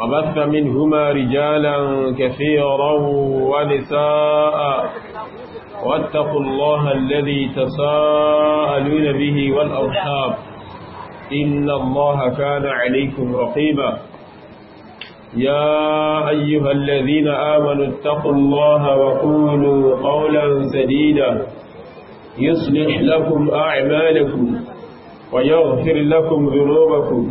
وبث منهما رجالا كثيرا ونساء واتقوا الله الذي تساءلون به والأرحاب إن الله كان عليكم رقيبا يا أيها الذين آمنوا اتقوا الله وقولوا قولا سديدا يصلح لكم أعمالكم ويغفر لكم ذنوبكم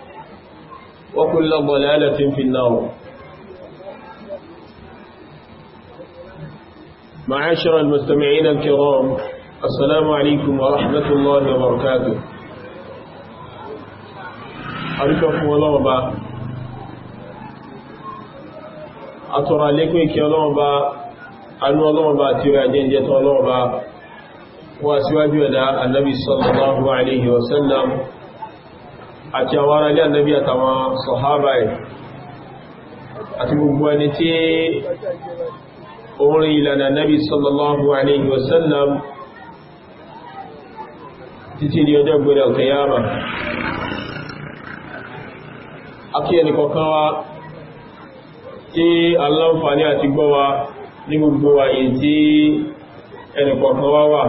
وكل ضلالة في النار معاشر المستمعين الكرام السلام عليكم ورحمة الله وبركاته أرجوكم الله با أترى لكم كي الله با أنو الله با ترى جنجة الله با وأسواج النبي صلى الله عليه وسلم àti àwọn ará ilé ànábì àtàwọn sọ̀hábà ẹ̀ àti gbogbo ẹni tí orin ìlànà ànábì sallallahu alayhi wa sallam títí di ọjọ́ gbẹ̀rẹ̀ alkiyama akí ẹni kọ̀kan wa tí aláǹfààní àti gbọ́ wa ní gbogbo àyè tí ẹni kọ̀kan wa wà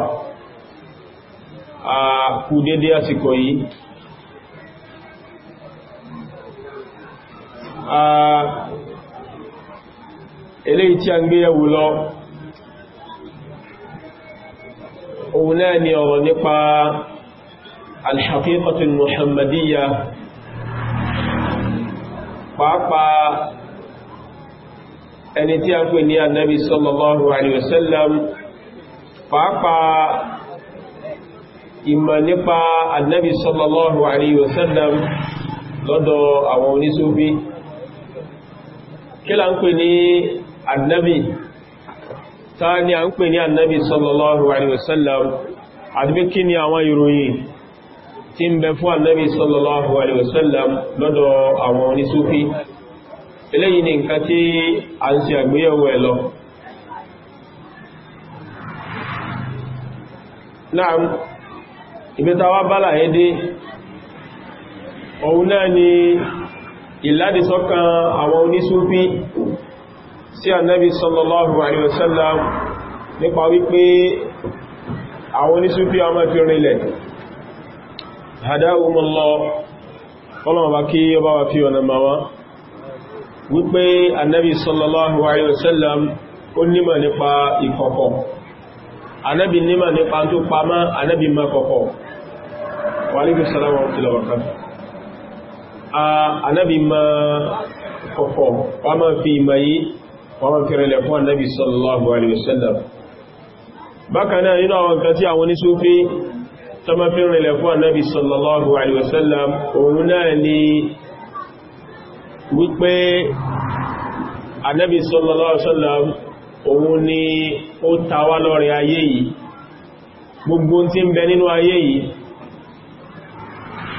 a dédé àsìkò yìí eléyìí tí a ń gbé ẹwù lọ òun náà ni ọ̀rọ̀ nípa alhaqiqatu muhammadiyya pàápàá ẹni tí a pè ní annabi sallallahu alaihi wasallam pàápàá ìmọ̀ nípa annabi sallallahu alaihi wasallam lọ́dọ̀ àwọn onísúfí kí la ń pè ní annabi ta ni a ń pè ní annabi sallallahu alaihi wasallam àdúgbé kí ni àwọn ìròyìn tí ń bẹ fún annabi sallallahu alaihi wasallam lọ́dọ̀ àwọn onísúfí eléyìí ni nǹkan tí a ń ṣe àgbéyẹ̀wò ẹ̀ lọ náà ibi bá láyé dé òun náà ni ìládìsọ́kan àwọn onísúfí sí ànábì sallallahu alaihi wasallam nípa wípé àwọn onísúfí a máa fi rinlẹ̀ hadahumullah ọlọ́mọba kí ọba wà fi ọ̀nà ma wá wípé ànábì sallallahu alaihi wasallam ó nímọ̀ nípa ìkọ̀kọ̀ ànábì nímọ̀ nípa tó pamọ́ ànábì mọ́ kọ̀kọ̀ wa alaikum salaam wa rahmatullahi wa anábi ma kọ̀kọ̀ wọ́n ma fi ìmọ̀ yìí wọ́n ma fi rẹ̀lẹ̀ fún anábi sallallahu alaihi wasallam bákanáà nínú àwọn kan tí àwọn onísúfí tó ma fi rẹ̀lẹ̀ fún anábi sallallahu alaihi wasallam òun náà ni wípé anábi sallallahu alaihi wasallam òun ni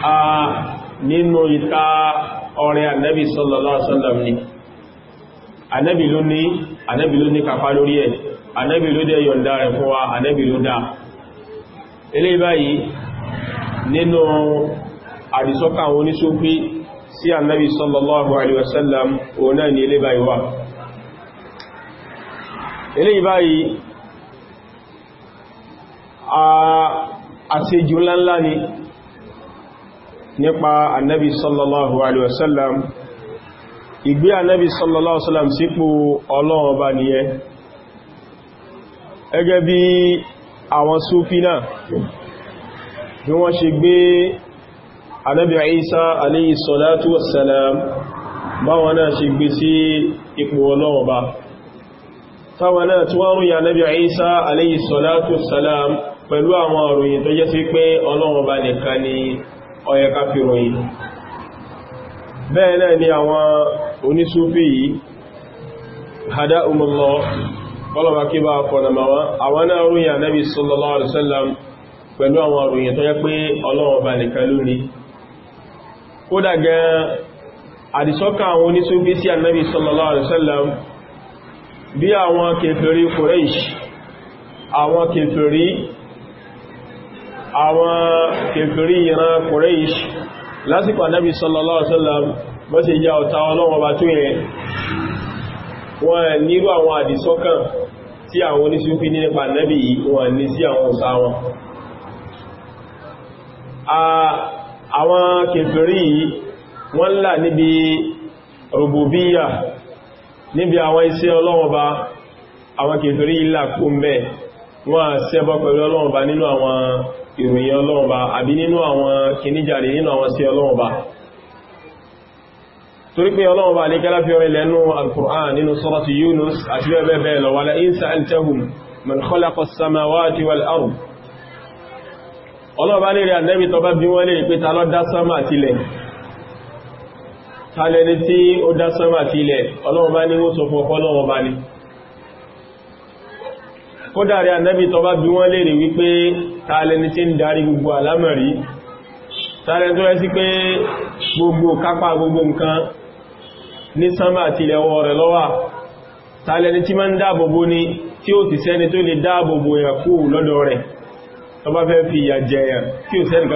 ó nínú ìta ọ̀rẹ́ ànẹ́bì sallallahu alaihi wasallam ni ànẹ́bì ló ní ànẹ́bì ló ní kàfà lórí ẹ̀ ànẹ́bì ló dẹ̀ yọ̀ǹda rẹ̀ fún wa ànẹ́bì ló dá ilé báyìí nínú àdìsọ́kà àwọn oníṣúfí sí ànẹ́bì sallallahu alaihi wasallam òun náà ni ilé báyìí wà ilé báyìí àṣejù ńláńlá ni nípa annabi sallallahu alaihi wasallam ìgbé annabi sallallahu alaihi wasallam sípò ọlọ́run ọba nìyẹn ẹgẹ́ bí àwọn súfí náà bí wọ́n ṣe gbé annabi isa alayhi salatu wassalam báwọn náà ṣe gbé sí ipò ọlọ́run ọba táwọn náà tí wọ́n rúyà annabi isa alayhi salatu wassalam pẹ̀lú àwọn òròyìn tó jẹ́ sí pé ọlọ́run ọba nìkan ni ọyẹ ká fi ròyìn bẹ́ẹ̀ náà ni àwọn onísúfí yìí hada umullo bọ́lọ̀wà kí bá fọ́nà mawa àwọn náà ròyìn ànábì sallallahu alaihi wasallam pẹ̀lú àwọn ròyìn tó yẹ pé ọlọ́wọ̀n bá nìkan lórí kódà gan àdìsọ́kà àwọn onísúfí sí ànábì sallallahu alaihi àwọn kèfèrí àwọn kèfèrí ìran Quraysh lásìkò ànábì sallallahu alaihi wasallam bọ́ sí ìyá ọ̀tá ọlọ́wọ́ bá tó yẹn wọ́n nírú àwọn àdìsọ́kàn tí àwọn oníṣúfí nípa ànábì yìí wọ́n ní sí àwọn níbi àwọn iṣẹ́ ọlọ́wọ́ àwọn kèfèrí ìlà kó mẹ́ wọ́n sẹ́bọ́ pẹ̀lú ọlọ́wọ́ nínú àwọn ìròyìn ọlọ́ọ̀ba àbí nínú àwọn kìníjàre nínú àwọn sí ọlọ́ọ̀ba torí pé ọlọ́ọ̀ba alékẹ́lá fi ọrẹ lẹ́nu al-Qur'an nínú suratu Yunus àti bẹ́ẹ̀bẹ́ẹ̀ lọ wala in sa'altahum man khalaqa as-samawati wal ard ọlọ́ọ̀ba lérí ànẹ́bì tọba bí wọ́n lè pé ta ló dá sánmà tilẹ̀ ta lẹni tí ó dá sánmà tilẹ̀ ọlọ́ọ̀ba tààlẹni tí ń darí gbogbo àlámọ̀rí tààlẹni tó rẹ̀ sí pé gbogbo kápá gbogbo nǹkan ní sánmà àti ilẹ̀ ọwọ́ rẹ̀ lọ́wà tààlẹni tí máa ń dáàbòbò ni tí ó ti sẹ́ni tó lè dáàbòbò ẹ̀kú lọ́dọ̀ rẹ̀ tó bá fẹ́ fi ìyà jẹyà tí ó sẹ́ni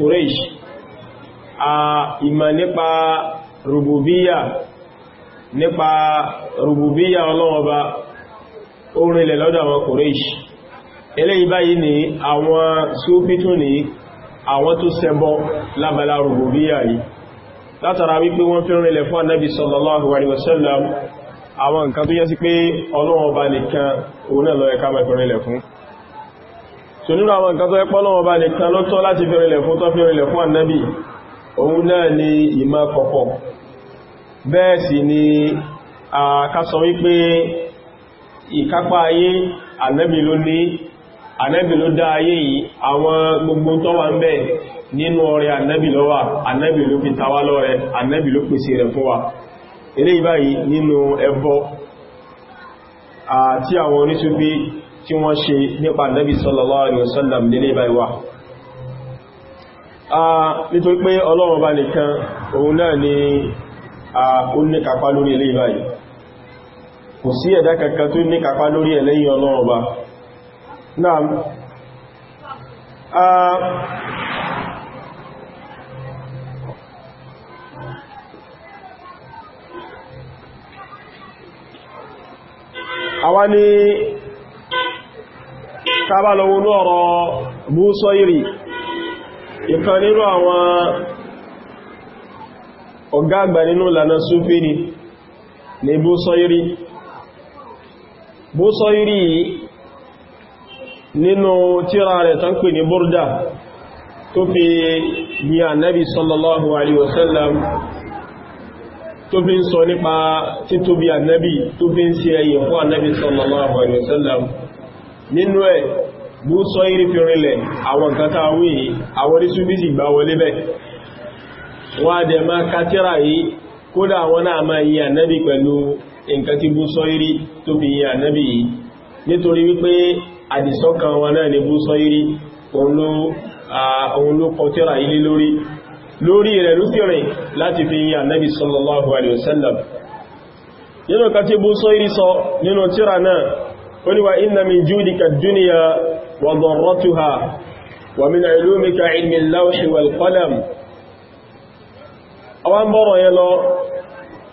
Quraysh ìmọ̀ nípa rububiya, nípa rububiyya ọlọ́ọba orílẹ̀ lọ́dọ̀ àwọn Quraysh eléyìí báyìí ni àwọn súfítù ní àwọn tó ṣẹbọ lábala rububiyya yìí látara wípé wọ́n fi rinlẹ̀ fún Ànábì sallallahu alaihi wasallam àwọn nǹkan tó yẹ sí pé ọlọ́ọba nìkan òun náà ló yẹ ká máa fi rinlẹ̀ fún so nínú àwọn nǹkan tó yẹ pé ọlọ́ọba nìkan ló tọ́ láti fi rinlẹ̀ fún tó fi rinlẹ̀ fún Ànábì òun náà ni ìmọ̀ kọ̀kọ̀ bẹ́ẹ̀ sì ni a kásọ wípé ìkápá ayé ànábì ló ní ànábì ló dá ayé yìí àwọn gbogbo tó wà ń bẹ nínú ọrẹ ànábì ló wà ànábì ló fi tawá lọ́rẹ ànábì ló pèsè rẹ̀ fún wa eléyìí báyìí nínú ẹbọ àti àwọn oníṣúbí tí wọ́n ṣe nípa ànábì sallallahu alaihi wasallam nílé báyìí nítorí pé ọlọ́run ọba nìkan òun náà ni ó ní kápá lórí eléyìí báyìí kò sí ẹ̀dá kankan tó ní kápá lórí ẹlẹ́yìn ọlọ́run ọba náà àwa ni ká bá bú sọ́ìrì ìkan nínú àwọn ọ̀gá àgbà nínú ìlànà súfí ni ní Búsọ́írí Búsọ́írí nínú tírà rẹ̀ tán pè ní Búrdà tó fi ní ànábì sallallahu alaihi wasallam tó fi ń sọ nípa títóbi ànábì tó fi ń ṣe ẹ̀yìn fún ànábì sallallahu alaihi wasallam nínú bó sọ irí fi rinlẹ̀ àwọn nǹkan tá a wí yìí àwọn orísun bí sì gbà wọlé bẹ̀ wọ́n á dẹ̀ máa kátírà yìí kódà àwọn náà máa yí ànábì pẹ̀lú nǹkan tí bó sọ irí tó fi yí ànábì yìí nítorí wípé àdìsọ́kan wọn náà ni bó sọ irí òun ló kọtírà ilé lórí lórí rẹ̀ ló láti fi yí ànábì sallallahu alaihi wasallam nínú kan tí bó sọ irí sọ nínú ó ní wa inna min judika duniya وضرتها ومن علومك علم اللوح والقلم أو أنبر يلو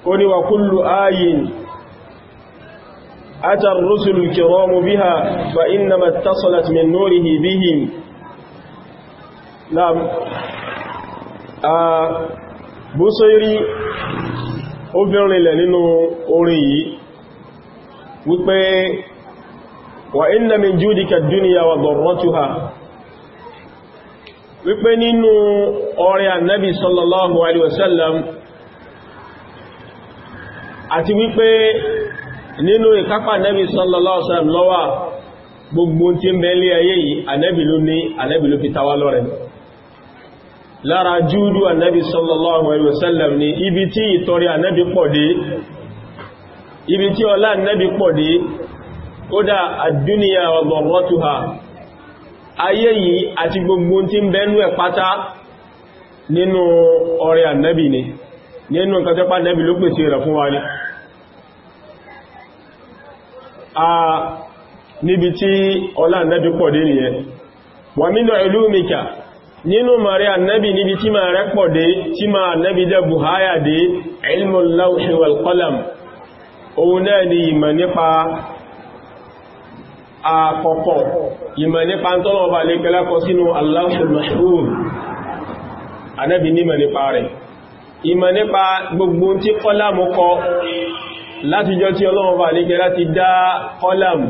كوني وكل آي أتى الرسل الكرام بها فإنما اتصلت من نوره بهم نعم آه بصيري obìnrin lẹ̀ nínú wípé وإن من جودك الدنيا وضرتها wípé nínú ọrẹ annabi sallallahu alaihi wasallam àti wípé nínú ìkápá annabi sallallahu alaihi wasallam lọ́wà gbogbo tí ń bẹ̀lẹ̀ ayé yìí annabi ló ní annabi ló fi tawà lọ́rẹ̀ lára júdú annabi sallallahu alaihi wasallam ni ibi tí ìtọrẹ annabi pọ̀ dé ibi tí ọlá annabi pọ̀ dé kódà àdúnìyà ọgbọ̀nwọ́túhà ayé yìí àti gbogbo tí ń bẹnú ẹ̀ pátá nínú ọrẹ ànẹ́bì ni nínú nǹkan tẹ́pá ànẹ́bì ló pèsè rẹ̀ fún wa ní a níbi tí ọlá ànẹ́bì pọ̀ dé nìyẹn wà nínú ìlú mìkà nínú mọ̀rẹ́ ànẹ́bì níbi tí ma rẹ̀ pọ̀ dé tí ma ànẹ́bì jẹ́ buhari dé ilmul wal àkọ́kọ́ ìmọ̀ nípa tọ́lọ̀ ọba lè pẹ́lákọ́ sínú Allahul Mahfuz Ànábì nímọ̀ nípa rẹ̀ ìmọ̀ nípa gbogbo ti dá kọ́lámù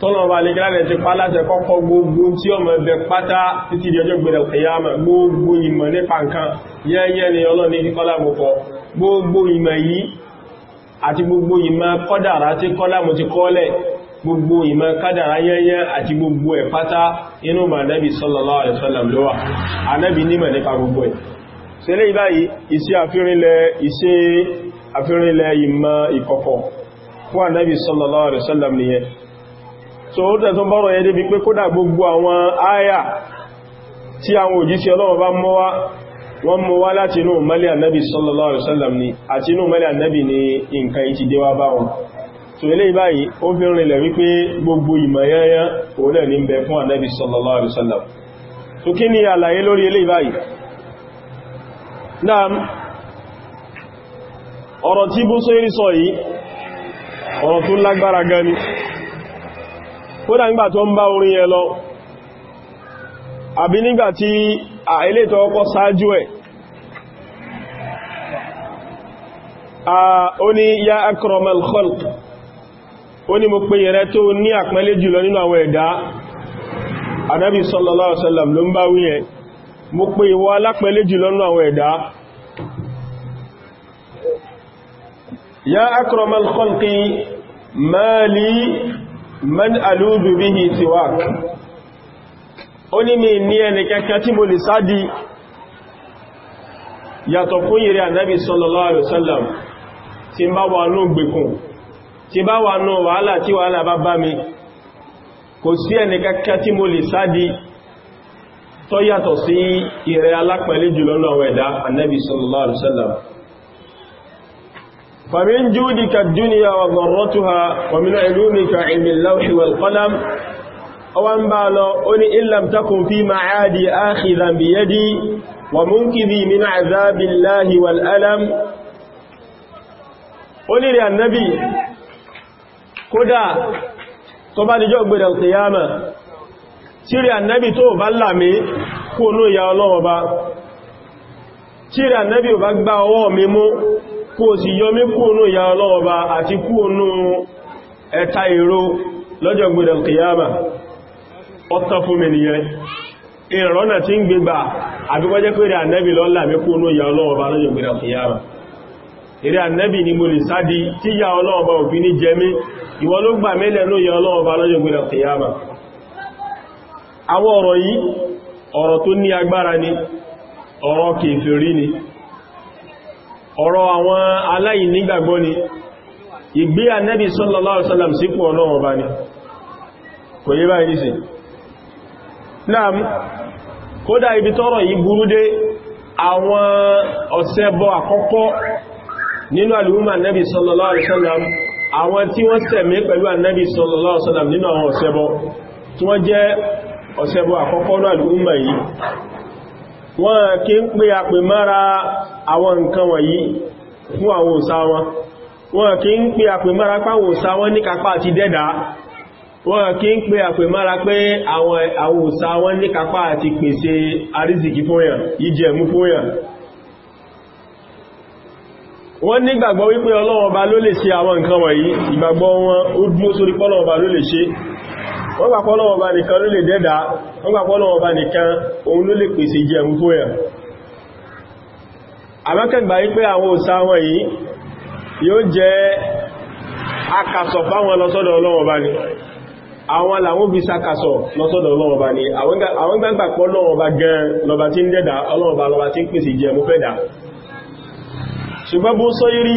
tọ́lọ̀ ọba lè kẹ́lá rẹ̀ ti pa láti kọ́kọ́ gbogbo tí ọmọ ẹbẹ pátá títí di ọjọ́ gbẹ̀rẹ̀ kìyàmà gbogbo ìmọ̀ nípa nǹkan yẹ́yẹ́ ni Ọlọ́run ní kọ́lámù kọ gbogbo ìmọ̀ yìí àti gbogbo ìmọ̀ kọ́dàrá tí kọ́lámù ti gbogbo ìmọ̀ kádà ayẹyẹ àti gbogbo ẹ̀ pátá inú ma nẹ́bí sallallahu alaihi wasallam ló wà anẹ́bí nímọ̀ nípa gbogbo ẹ̀ ṣe lè báyìí iṣẹ́ àfihànlẹ̀ ìmọ̀ ìkọ̀kọ̀ fún anẹ́bí sallallahu alaihi so ó tẹ̀ tó bọ́rọ̀ yẹ débi pé kódà gbogbo àwọn áyà tí àwọn òjíṣẹ́ ọlọ́wọ́ bá mọ́ wá wọ́n mọ́ wá láti inú mẹ́lẹ̀ annabi sallallahu alaihi wasallam ni àti inú mẹ́lẹ̀ annabi ni nǹkan ìtìdéwà bá wọn so eléyìí báyìí ó fi ń rinlẹ̀ wípé gbogbo ìmọ̀ yányán òun náà ní ń bẹ fún ànábì sallallahu alaihi wasallam so kí ni àlàyé lórí eléyìí báyìí náà ọ̀rọ̀ tí bú sóyí sọ yìí ọ̀rọ̀ tó lágbára gan ni kódà nígbà ya akramal khalq ó ní mo pè yẹrẹ tó ní àpẹẹlẹ́ jùlọ nínú àwọn ẹ̀dá anábì sallallahu alaihi wasallam ló ń bá wí yẹn mo pè ìwọ alápẹẹlẹ́ jùlọ nínú àwọn ẹ̀dá ya akramal khalqi mali man alúdù bihi siwak ó ní mi ní ẹni kẹ́kẹ́ tí mo lè sádi yàtọ̀ fún yẹrẹ anábì sallallahu alaihi wasallam tí bá wà ló tí bá wà náà wàhálà tí wàhálà bá bá mi kò sí ẹni kẹ́kẹ́ tí mo lè sádi tó yàtọ̀ sí ìrẹ alápẹ̀lẹ́ jùlọ lọ́wọ́ ẹ̀dá annabi sallallahu alaihi wasallam فمن جودك الدنيا وضرتها ومن علومك علم اللوح والقلم أوان kódà tó bá níjọ́ gbẹ̀rẹ̀ òkèyàmà tíri annabi tó bá lámé kú onú ìyà ọlọ́wọ́ bá tíri annabi bá gbá ọwọ́ mi mú o sì yọ mí kó ní ìyà ọlọ́wọ́ bá àti kú onú ẹta ìró lọ́jọ́ gbẹ̀rẹ̀ òkèyàmà ọ̀tọ́ fún mi nìyẹn ìrọ̀nà tí ń àbíkọ́jẹ́ eré ànẹ́bì ni mo lè sádi tí ya ọlọ́run bá òfin ní jẹmí ìwọ ló gbà mẹ́lẹ̀ ló ya ọlọ́run bá lọ́jọ́ gbẹ̀rẹ̀ ọ̀rọ̀ yìí ọ̀rọ̀ tó ní agbára ni ọ̀rọ̀ kèfèrí ni ọ̀rọ̀ sallallahu alaihi wasallam sípò ọlọ́run bá ni kò yé báyìí sí naam kódà nínú àlùmọ́ ànábì sallallahu alaihi wasallam àwọn tí wọ́n ṣẹ̀mí pẹ̀lú ànábì sallallahu alaihi wasallam nínú àwọn ọ̀ṣẹbọ tí wọ́n jẹ́ ọ̀ṣẹbọ àkọ́kọ́ ní àlùmọ́ yìí wọ́n kí ń pè àpè mára àwọn nǹkan wọ̀nyí fún àwọn òsà wọn wọ́n kí ń pè àpè mára páwọn òsà wọn ní kápá àti dẹ́dà wọ́n kí ń pè àpè wọ́n nígbàgbọ́ wípé Ọlọ́run Ọba ló lè ṣe àwọn nǹkan wọ̀nyí ìgbàgbọ́ wọn ó dúró sórí pọ́lọ́run Ọba ló lè ṣe wọ́n gbà pọ́lọ́run Ọba nìkan ló lè dẹ́dà wọ́n gbà pọ́lọ́run Ọba nìkan òun ló lè pèsè jẹun fún ẹ̀ àmọ́kẹ́gbà wípé àwọn òsà wọn yìí yóò jẹ́ akasọ̀ fáwọn lọ́sọ́dọ̀ Ọlọ́run Ọba ni àwọn làwọn bí sakasọ̀ lọ́sọ́dọ̀ Ọlọ́run Ọba ni àwọn gbàgbà pọ́lọ́run Ọba gan lọba tí ń dẹ́dà Ọlọ́run Ọba lọba tí ń pèsè jẹun fẹ́dà ṣùgbọ́n bó sọ yìí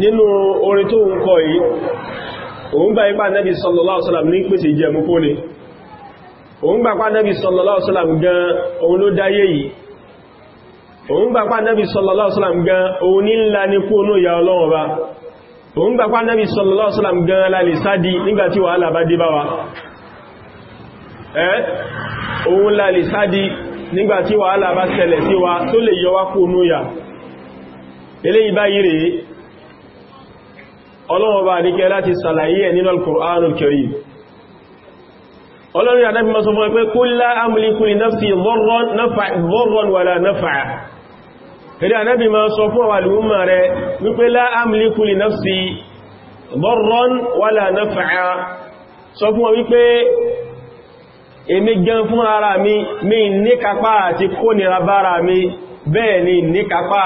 nínú orin tó ń kọ yìí òun gbà ipá nẹ́bí sallallahu ní pèsè ìjẹmú kó ní òun gbà pá nẹ́bí gan òun ló dáyé yìí òun gbà pá nẹ́bí sallallahu gan òun ní ńlá ní kó ní ìyà ọlọ́run bá òun gbà pá nẹ́bí eléyìí báyìí rèé ọlọ́wọ́ bá níkẹ́ láti sàlàyé ẹ̀ nínú al-Qur'anul Karim ọlọ́rin àdábí masu mọ́ pé kul la amliku li nafsi dharran wala naf'a kìdí àdábí ma sọ fún àwọn alùmọ̀ rẹ̀ wípé la amliku li nafsi dharran wala naf'a sọ fún wípé èmi gan fún ara mi mi ní kapá àti kó bára mi bẹ́ẹ̀ ni níkapá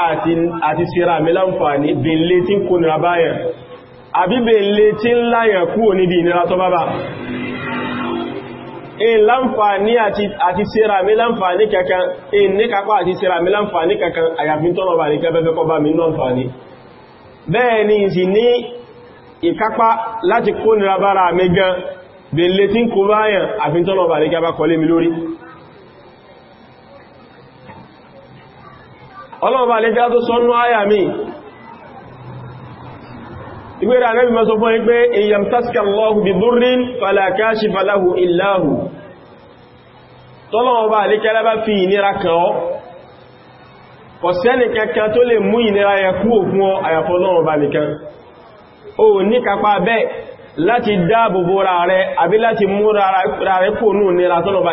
àti síra mi láǹfààní bèèlé tí kò nira báyàn àbí bèèlé tí ń láyàn kúrò níbi ìnira tó bábà in láǹfààní àti síra mi láǹfààní kankan in níkapá àti síra mi láǹfààní kankan àyàfin tọ́nà bà ní kẹfẹ́fẹ́ kọ́ bá mi náǹfààní bẹ́ẹ̀ ni ọlọ́ọ̀bá alẹ́gbẹ́ tó sọ́nú àyà mi ìgbèrè ànábì mọ́ sọ fún ẹgbẹ́ èyàn tásíkàlọ́hù bí dúrín fàlàkáṣì fàláhù ìláhù tọ́lọ́ọ̀bá alẹ́kẹ́lá bá fi ìnira kan ọ́ kò sẹ́ni kankan tó lè mú ìnira yẹn kú òkun ọ àyàfọ́lọ́ọ̀bá nìkan o ní kápá bẹ́ẹ̀ láti dáàbòbò ra rẹ̀ àbí láti mú ra rẹ̀ kò nù nira tọ́lọ́ọ̀bá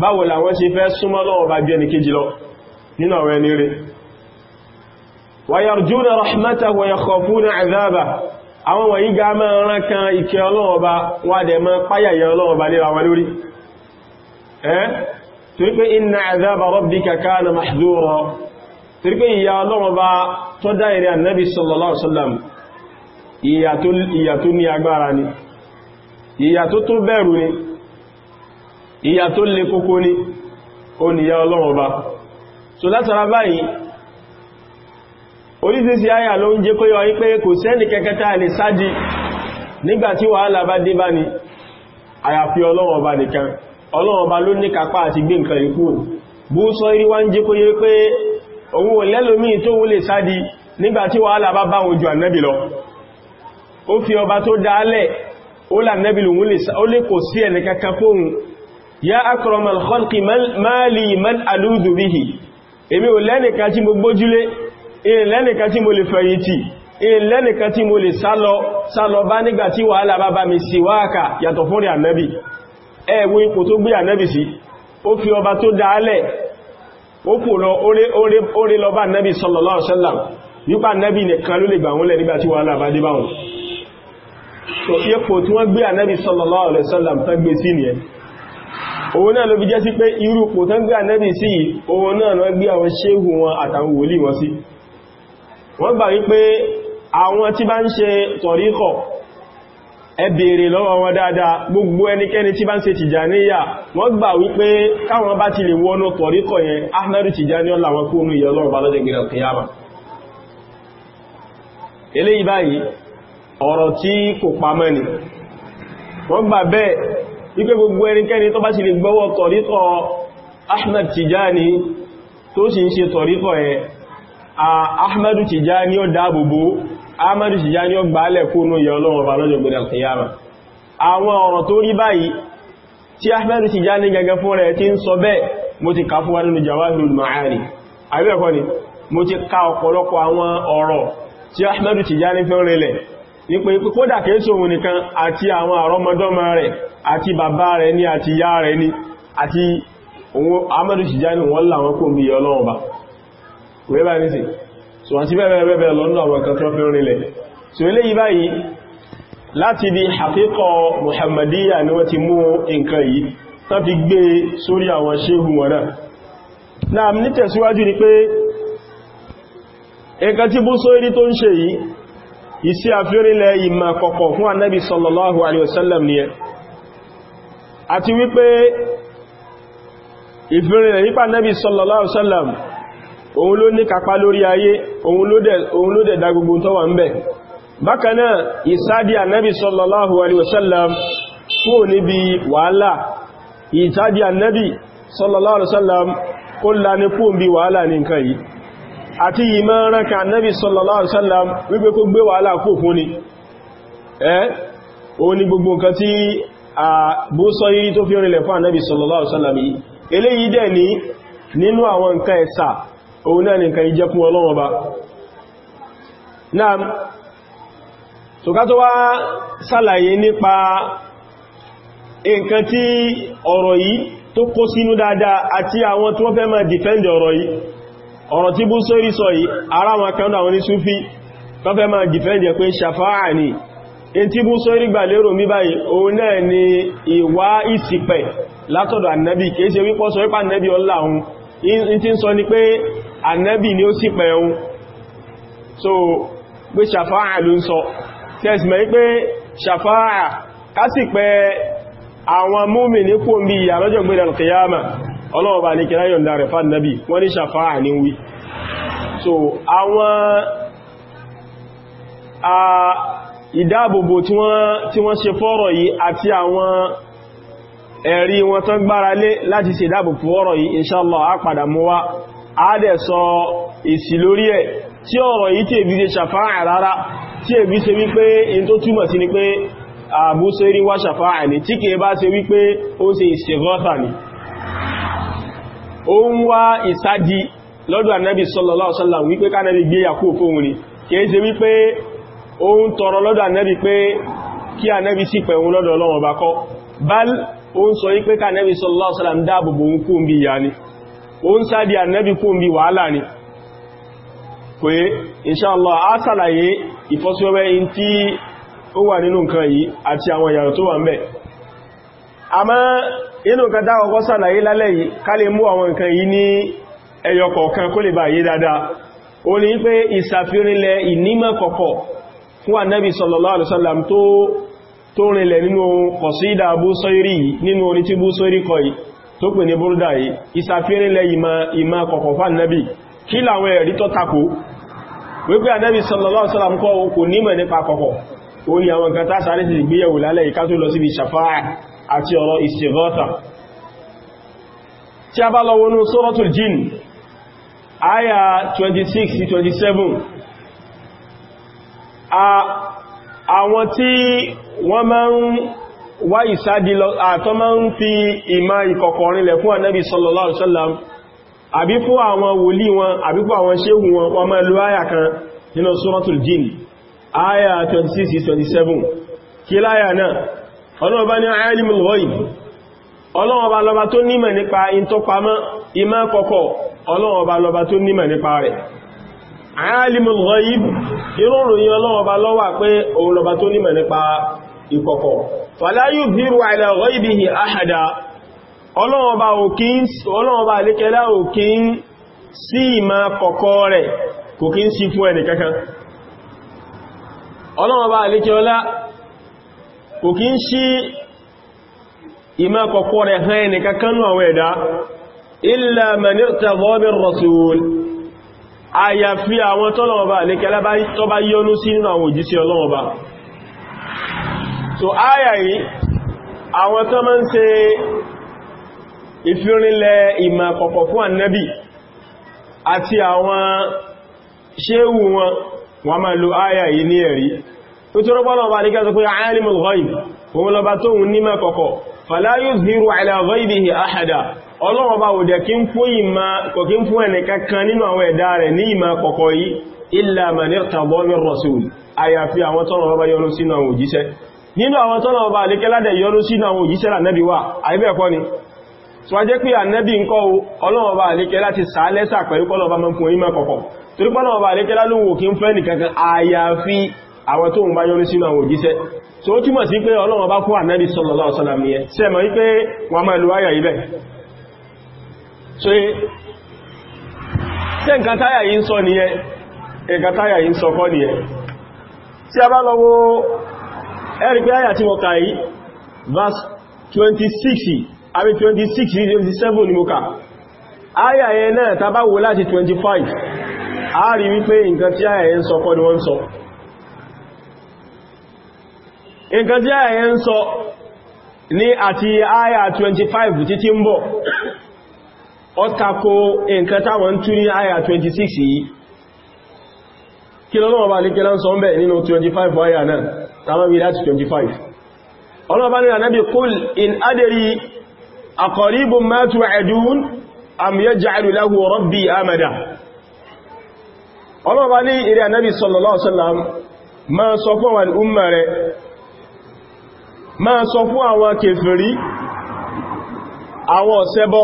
báwo làwọn ṣe fẹ́ súnmọ́ lọ́wọ́ bá jẹ́ ní kejì lọ nínú àwọn ẹni rẹ̀ wàyàrjúnà rahmata wa yakhafuna azaba àwọn wọ̀nyí ga máa rán kan ìkẹ́ ọlọ́ọ̀ba wà dẹ̀ máa páyàyẹ ọlọ́ọ̀ba léra wọn lórí ẹ́ torí pé inna azaba ìyà tó lè kókó ní ó níyà ọlọ́run ọba so látara báyìí oríṣiríṣi àyà ló ń jẹ́ kó yọ wípé kò sẹ́ni kẹkẹta lè sádi nígbàtí wàhálà bá dé bá ní àyàfi ọlọ́run ọba nìkan ọlọ́run ọba ló ní kápá àti gbé nǹkan ikú bú sọ irí wá ń jẹ́ kó yẹ pé òun ò tó ọba tó dáálẹ̀ ó lànẹ́bì lòun ó lè kò sí ya akramal khalqi mali man alúdù bihi èmi ò lẹ́nìkan tí mo gbójúlé in lẹ́nìkan tí mo lè fẹ̀yìntì in lẹ́nìkan tí mo lè sálọ sálọ bá nígbà tí wàhálà bá bá mi sí wáàkà yàtọ̀ fún rí ànẹ́bì ẹ̀wọ́ ipò tó gbé ànẹ́bì sí ó fi ọba tó dáálẹ̀ ó kò lọ orí lọ bá ànẹ́bì sallallahu alaihi wasallam nípa ànẹ́bì nìkan ló lè gbà wọ́n lẹ̀ nígbà tí òun náà ló fi jẹ́ sí pé irú pò tán gbé ànẹ́bì sí òun náà lọ gbé àwọn ṣéhù wọn àtàwọn wòlíì wọn sí wọ́n gbà wípé àwọn tí bá ń ṣe tọ̀ríkọ̀ ẹ bèèrè lọ́wọ́ wọn dáadáa gbogbo ẹnikẹ́ni tí bá ń ṣe tìjàníyà wọ́n gbà wípé káwọn bá ti lè wọnú tọ̀ríkọ̀ yẹn ahmadu tìjàní ọlá kó nú ìyọlọ́run bá lọ́jọ́ gbìyànjú kìyàmà eléyìí báyìí ọ̀rọ̀ tí kò pamọ́ ni wọ́n gbà bẹ́ẹ̀ wípé gbogbo ẹnikẹ́ni tó bá sì lè gbọ́wọ́ tọ̀rítọ̀ Ahmad Tijani tó sì ń ṣe tọ̀rítọ̀ ẹ̀ Ahmadu Tijani ó dáàbòbò Ahmadu Tijani ó gbálẹ̀ kónú yẹ ọlọ́run ọba lọ́jọ́ gbẹ̀rẹ̀ kìyàmà àwọn ọ̀rọ̀ tó rí báyìí tí Ahmadu Tijani gẹ́gẹ́ fún rẹ̀ tí ń sọ bẹ́ẹ̀ mo ipò ipò kódà kìí ṣe òun nìkan àti àwọn àrọmọdọ́mọ rẹ̀ àti bàbá rẹ̀ ní àti yá rẹ̀ ní àti òun Ahmadu Tijani wọ́n láwọn kò bí ọlọ́run bá wẹ́bà ní sí so àti bẹ́ẹ̀bẹ́ẹ̀bẹ́ẹ̀ lọ́nà àwọn kan tó fi rinlẹ̀ so eléyìí báyìí láti di ni wọ́n e ni pé nǹkan tí bú sórí tó ń ṣe yìí isi àfírílẹ̀ ìmọ̀ kọ̀kọ̀ fún annabi sallallahu alaihi wasallam ni ẹ àti wípé ìfírílẹ̀ nípa annabi sallallahu alaihi wasallam òun ló ní kapa lórí ayé òun ló dẹ̀ dá gbogbo tó wà ń bẹ̀ sallallahu alaihi wasallam kúrò níbi wàhálà ìsádi annabi sallallahu alaihi wasallam kó lá ní àti ìmọ̀ràn ka nẹ́bí sallallahu alaihi wasallam wípé kó gbé wàhálà kó fún ni ẹ́ o ní gbogbo nǹkan tí a bó sọ yìí tó fi rinlẹ̀ fún ànẹ́bí sallallahu alaihi wasallam yìí eléyìí dẹ̀ ní nínú àwọn nǹkan ẹ̀sà òun náà nìkan ìjẹkún ọlọ́wọ́ ba náà so ká tó wá sàlàyé nípa nǹkan tí ọ̀rọ̀ ọ̀rọ̀ tí bú sórí sọ yìí ara wọn kẹ́ndà wọn ní súfí tó fẹ́ máa dìfẹ́ndì pé ṣàfáà ní in tí bú sórí gbà lérò mí báyìí òun náà ni ìwá ìsìpẹ̀ látọ̀dọ̀ ànábì kìí ṣe wípọ́ sọ wípá ànábì ọlá òun in tí ń ni pé ànábì so pé ṣàfáà ló ń sọ tẹ́sì mẹ́ pé ṣàfáà kásìpẹ̀ àwọn múmi ní kò ń ìyàlọ́jọ̀ gbẹ̀rẹ̀ kìyàmà ọlọ́wọ́ bá ní kí ráyọ̀ ǹdà rẹ̀ fán nàbí wọ́n ní ṣàfáà ní wí so àwọn ìdáàbòbò tí wọ́n ṣe fọ́rọ̀ yìí àti àwọn ẹ̀rí wọn tán gbára lé láti ṣe ìdáàbòbò fọ́rọ̀ yìí inṣálọ̀ á padà mú wá á dẹ̀ sọ èsì lórí ẹ̀ tí ọ̀rọ̀ yìí tí èbí ṣe ṣàfáà rárá tí èbí ṣe wípé in tó túmọ̀ sí ni pé àbúṣe rí wá ṣàfáà ní tí kìí bá ṣe wípé ó ṣe ìṣẹ̀gọ́ta ni ó ń wá ìsádi lọ́dọ̀ ànábì sallallahu alaihi wasallam wípé kánábì gbé yàkó fóhun ni kìí ṣe wípé ó ń tọrọ lọ́dọ̀ ànábì pé kí ànábì sí pẹ̀hún lọ́dọ̀ ọlọ́wọ̀n bá kọ́ bal ó ń sọ wípé kánábì sallallahu alaihi wasallam dáàbòbò ń kó bí ìyá ni ó ń sádi ànábì kó bí wàhálà ni pé inṣáàlá ó wà nínú nǹkan yìí àti àwọn ìyàrá tó wà ń bẹ̀ àmọ́ inú nǹkan dá ọkọ́ sàlàyé lálẹ́ yìí ká lè mú àwọn nǹkan yìí ní ẹyọ kọ̀ọ̀kan kó lè bà yé dáadáa ó ní pé ìsàfihànlẹ̀ ìnímọ̀ kọ̀kọ̀ fún ànábì sallallahu alaihi wasallam tó tó rinlẹ̀ nínú Abu Sayri nínú orin Abu Sayri kọ yìí tó pè ní búrúdà yìí ìsàfihànlẹ̀ ìmọ̀ kọ̀kọ̀ fún ànábì kí wípé ànábì sallallahu alaihi wasallam kọ́ kò nímọ̀ nípa kọ̀kọ̀ ó ní àwọn nǹkan tá sáré ti lálẹ́ ìká lọ síbi ṣàfáà àti ọ̀rọ̀ ìsìgọ́ta tí a bá lọ wọnú suratul jin àyà 26-27 àwọn tí wọ́n máa ń wá ìsádi lọ àtọ́ máa ń fi ìmá ìkọ̀kọ̀rin lẹ̀ fún ànábì sallallahu alaihi wasallam àbí fún àwọn wòlí wọn àbí fún àwọn ṣéhù wọn wọ́n máa lo àyà kan nínú suratul jin àyà 26-27 kí láyà náà ọlọ́ọ̀bá ní alimul ghaib ọlọ́ọ̀bá lọba tó nímọ̀ nípa ìntọ́pamọ́ ìmá kọ̀kọ̀ ọlọ́ọ̀bá lọba tó nímọ̀ nípa rẹ̀ alimul ghaib ìrọ̀rùn-ún ọlọ́ọ̀bá lọ́wà pé òun lọba tó nímọ̀ nípa ìkọ̀kọ̀ fala yudhiru ala ghaibihi ahada ọlọ́ọ̀bá àlékẹ́lá ò kí ń sí ìmá kọ̀kọ̀ rẹ̀ kò kí ń sí fún ọlọ́ọ̀bá kò kí ń ṣí ìmá kọ̀kọ́ rẹ̀ hàn ẹni kankanú àwọn ẹ̀dá illa man irtadha bir rasul àyàfi àwọn tọ́lọ̀ọba àlékẹ́lá tó bá yọ́nú sí nínú àwọn òjíṣẹ́ ọlọ́ọba wọ́n máa lo áyà yìí ní ẹ̀rí nítorí pọ́nà ọba ní kẹsọ pé alimul ghaib òun lọba tó ń ní mẹ́kọ̀kọ̀ fala yuzhiru ala ghaibihi ahada ọlọ́ọba ò dẹ̀ kí ń fún ìmá kò kí ń fún ẹnì kankan nínú àwọn ẹ̀dá rẹ̀ ní ìmá kọ̀kọ̀ yìí illa man irtada min rasul àyàfi àwọn tọ́nà ọba yọ́nú sínú àwọn òjíṣẹ́ nínú àwọn tọ́nà ọba àdékẹ́ládẹ̀ yọ́nú sínú àwọn òjíṣẹ́ lànẹ́bí wà àìbẹ̀ẹ̀kọ́ ni tíwájẹ́ kọ́ ọlọ́run ọba àlékẹ́ láti sàálẹ́sà pẹ̀lú kọ́lọ̀ ọba mọ́kùnrin mọ́kọ̀kọ̀ torípọ́lọ̀ ọba àlékẹ́ lálówò kí ń fẹ́ nìkankan àyàfi àwọn tó ń bá yọ́nú sínú àwọn òjíṣẹ́ tó ó túmọ̀ sí pé Ọlọ́run bá kó ànábì sallallahu alaihi wasallam yẹn ṣe mọ̀ so ṣe nǹkan táyà yìí ń sọ nìyẹn nǹkan táyà yìí ń verse 26 àbí 26 27 ni mo kà àyà yẹn náà tá bá wo láti 25 a rí wípé nǹkan tí àyà yẹn sọ kọ́ ni wọ́n sọ nǹkan tí àyẹ̀ ń sọ ní àti àyà 25 títí ń bọ̀ ọ́tàkó nǹkan táwọn tún ní àyà 26 yìí kí lọ́nà bá lè kẹ́lá ń sọ ń bẹ̀ nínú 25 àyà náà tàbí láti 25 ọlọ́bá ní ànábì kúl in adari aqaribun ma tu'adun am yaj'alu lahu máa sọ fún àwọn kèfèrí àwọn ọ̀sẹ́bọ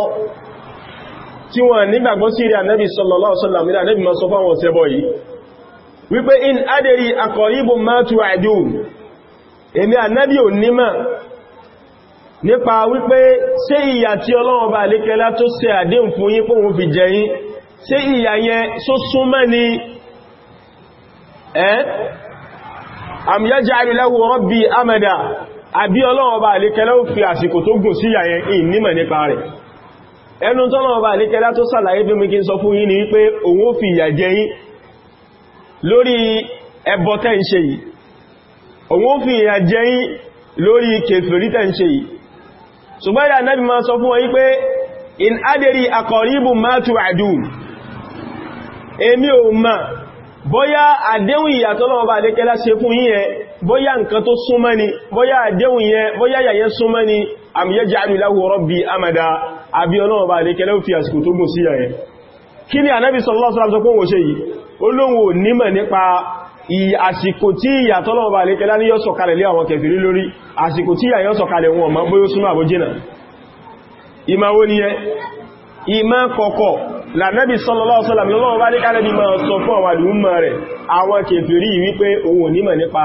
tí wọ́n nígbàgbọ́ sí rí ànẹ́bì sallallahu alaihi wasallam ànẹ́bì máa sọ fún àwọn ọ̀sẹ́bọ yìí wípé in adèrí akọ̀ríbùn máa tu àdíhùn èmi ànẹ́bì ò nímà nípa wípé ṣé ìyà tí Ọlọ́run bá lékẹlá tó ṣe àdéhùn fún yín pé òun fi jẹ yín ṣé ìyà yẹn só súnmọ́ ni ẹ́ am yaj'alu lahu rabbi amada àbí ọlọ́run ọba àlékẹ́lá ó fi àsìkò tó gùn sí yàyẹn ìn nímọ̀ nípa rẹ̀ ẹnu tọ́lọ́run ọba àlékẹ́lá tó sàlàyé bí mi kí n sọ fún yín ni wípé òun ó fi ìyà jẹ yín lórí ẹbọ tẹ́ ń ṣe yìí òun ó fi ìyà jẹ yín lórí kèfèrí tẹ́ ń ṣe yìí ṣùgbọ́n tu àdùn èmi ò mà bóyá àdéhùn ìyà tọ́lọ́run ọba àlékẹ́lá ṣe bóyá nǹkan tó súnmọ́ ni bóyá àdéhùn yẹn bóyá yàyẹ súnmọ́ ni àmìyẹ́jẹ́ àmìláwò rọ́bì amada àbí ọlọ́wọ́ bá lè kẹlẹ́ fi àsìkò tó gùn sí yẹn kí ni ànábì sallallahu alaihi wasallam kó ṣe yìí olóhun ò nímọ̀ nípa àsìkò tí ìyàtọ́lọ́wọ́ bá lè kẹlẹ́ ní yọ́ sọ̀kalẹ̀ lé àwọn kẹfìrí lórí àsìkò tí ìyàyọ́ sọ̀kalẹ̀ wọn mọ́ ìmá kọ̀kọ̀ lànẹ́bì sallallahu alaihi wasallam lọ́wọ́ bá lè kẹlẹ́ bí máa sọ fún àwọn àdúgbò rẹ̀ àwọn kẹfìrí wípé òun ò nímọ̀ nípa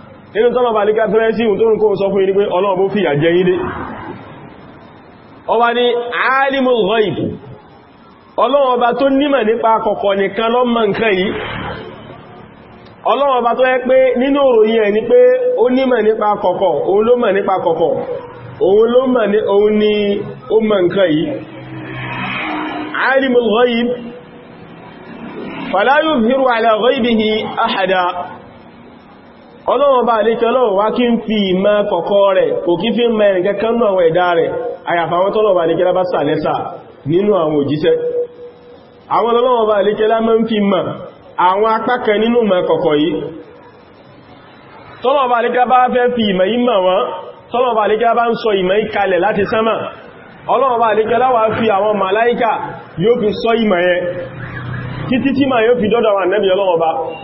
nínú tọ́nà bá nígbà tọ́rẹ sí ìhùntó nǹkan sọ fún ìrìnpé ọlọ́run bó fìyà jẹ yín dé ọba ni alimul ghaib ọlọ́run ọba tó nímọ̀ nípa kọ̀kọ̀ nìkan ló mọ nǹkan yìí ọlọ́run ọba tó yẹ pé nínú òròyìn ẹ̀ ni pé ó nímọ̀ ọlọ́wọ́n bá lè kẹlọ́wọ́ wá kí ń fi ìmọ̀ kọ̀kọ́ rẹ̀ kò kí fi mẹ́ ẹ̀rìn kẹ́kẹ́ nú àwọn ẹ̀dá rẹ̀ àyàfàwọn tọ́lọ̀ bá lè kẹlá bá sàlẹ́sà nínú àwọn òjíṣẹ́ àwọn ọlọ́wọ́n bá lè kẹlá mọ́ ń fi mọ̀ àwọn apá kan nínú mọ̀ kọ̀kọ̀ yìí tọ́lọ̀ bá lè kẹlá bá fẹ́ fi ìmọ̀ yìí mọ̀ wọ́n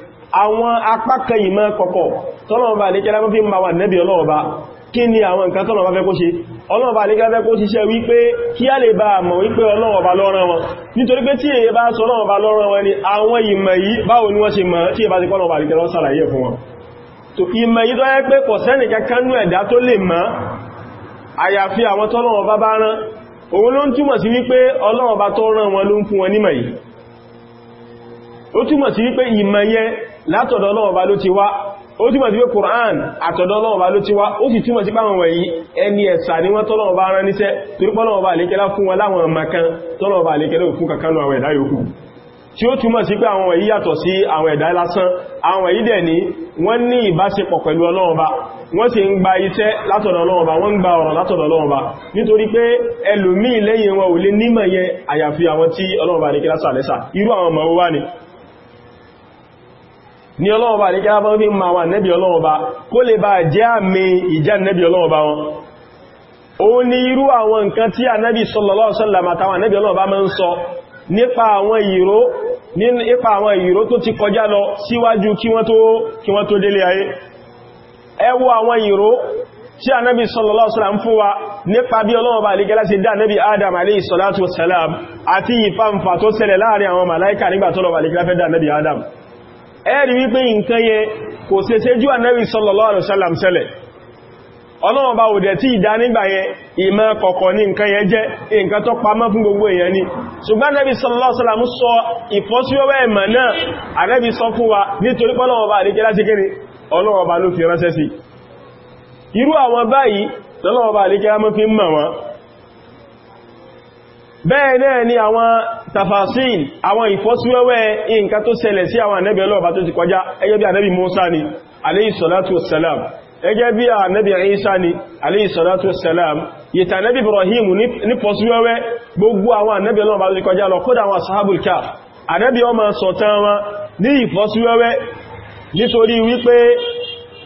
àwọn apákan ìmọ̀ kọ̀kọ̀ tọ́lọ̀ọ̀bá àlékẹ́lá fi ń bá wà nẹ́bí ọlọ́ọ̀bá kí ni àwọn nǹkan tọ́lọ̀ọ̀bá fẹ́ kó ṣe ọlọ́ọ̀bá àlékẹ́lá fẹ́ kó ṣiṣẹ́ wípé kí a lè bá mọ̀ wípé ọlọ́ọ̀bá lọ́rán wọn nítorí pé tí èyí bá ni àwọn ìmọ̀ yìí báwo ni wọ́n ṣe mọ̀ tí èyí bá ti kọ́ ọlọ́ọ̀bá àlékẹ́lá sàlàyé fún wọn tó ìmọ̀ yìí tó yẹ pé kò sẹ́nì kankanú ẹ̀dá tó lè mọ̀ àyàfi àwọn tọ́lọ́ọ̀bá bá rán òun ló ń túmọ̀ sí wípé ọlọ́ọ̀bá ó túmọ̀ sí wípé ìmọ̀ yẹn látọ̀dọ̀ Ọlọ́run bá ló ti wá ó túmọ̀ sí pé Qur'an àtọ̀dọ̀ Ọlọ́run bá ló ti wá ó sì túmọ̀ sí páwọn wọ̀nyí ẹni ẹ̀sà ni wọ́n tọ́lọ́run bá rán níṣẹ́ torípọ́ Ọlọ́run bá lékẹ́lá fún wọn láwọn makan tọ́lọ́run bá lékẹ́lá fún kankanú àwọn ẹ̀dá yòókù tí ó túmọ̀ sí pé àwọn wọ̀nyí yàtọ̀ sí àwọn ẹ̀dá lásán àwọn wọ̀nyí dẹ̀ ní wọ́n ní ìbáṣepọ̀ pẹ̀lú Ọlọ́run bá wọ́n sì ń gba iṣẹ́ látọ̀dọ̀ Ọlọ́run wọ́n ń gba ọ̀rọ̀ látọ̀dọ̀ nítorí pé ẹlòmíì lẹ́yìn wọn ò lè nímọ̀ yẹn àyàfi àwọn tí Ọlọ́run ní kí lásà lẹ́sà irú àwọn ọmọ wá ni ní ọlọ́ọ̀bá ní kíá fún fi ma wà nẹ́bí ọlọ́ọ̀bá kó lè bá jẹ́ àmì ìjá nẹ́bí ọlọ́ọ̀bá wọn ó ní irú àwọn nǹkan tí ànẹ́bí sallallahu alaihi wasallam àtàwọn ànẹ́bí ọlọ́ọ̀bá máa ń sọ nípa àwọn ìró nípa àwọn ìró tó ti kọjá lọ síwájú kí wọ́n tó délé ayé ẹ wo àwọn ìró tí ànẹ́bí sallallahu alaihi wasallam fún wa nípa bí ọlọ́ọ̀bá àlígẹ́lá ti dá ànẹ́bí Adam alayhi salatu wassalam àti ìfàǹfà tó ṣẹlẹ̀ láàrin àwọn màláíkà nígbà tọ́lọ̀bà àlígẹ́lá fẹ́ dá ànẹ́bí Adam ẹ̀rí wípé nǹkan yẹ kò se ṣe jú ànẹ́bì sallallahu alaihi wasallam sẹ́lẹ̀ ọlọ́run bá òdẹ̀ tí ìdá nígbà kọ̀kọ̀ ní nǹkan jẹ́ nǹkan tó fún gbogbo èèyàn ni ṣùgbọ́n nẹ́bí sallallahu sọ ìfọ́síwẹ́wẹ́ ìmọ̀ náà àrẹ́bí sọ fún wa nítorí pọ́lọ́wọ́ bẹ́ẹ̀ náà ni àwọn tafasil àwọn ìfọ́síwẹ́wẹ́ nǹkan tó ṣẹlẹ̀ sí àwọn ànẹ́bẹ̀ ọlọ́ọ̀bá tó ti kọjá ẹgẹ́ bí ànẹ́bì Musa ni alayhi salatu wassalam ẹgẹ́ bí ànẹ́bì Ibrahim ní fọ́síwẹ́wẹ́ gbogbo àwọn ànẹ́bẹ̀ ọlọ́ọ̀bá tó ti kọjá lọ kódà àwọn sahabul kaf ànẹ́bì ọmọ sọ̀tán wọn ní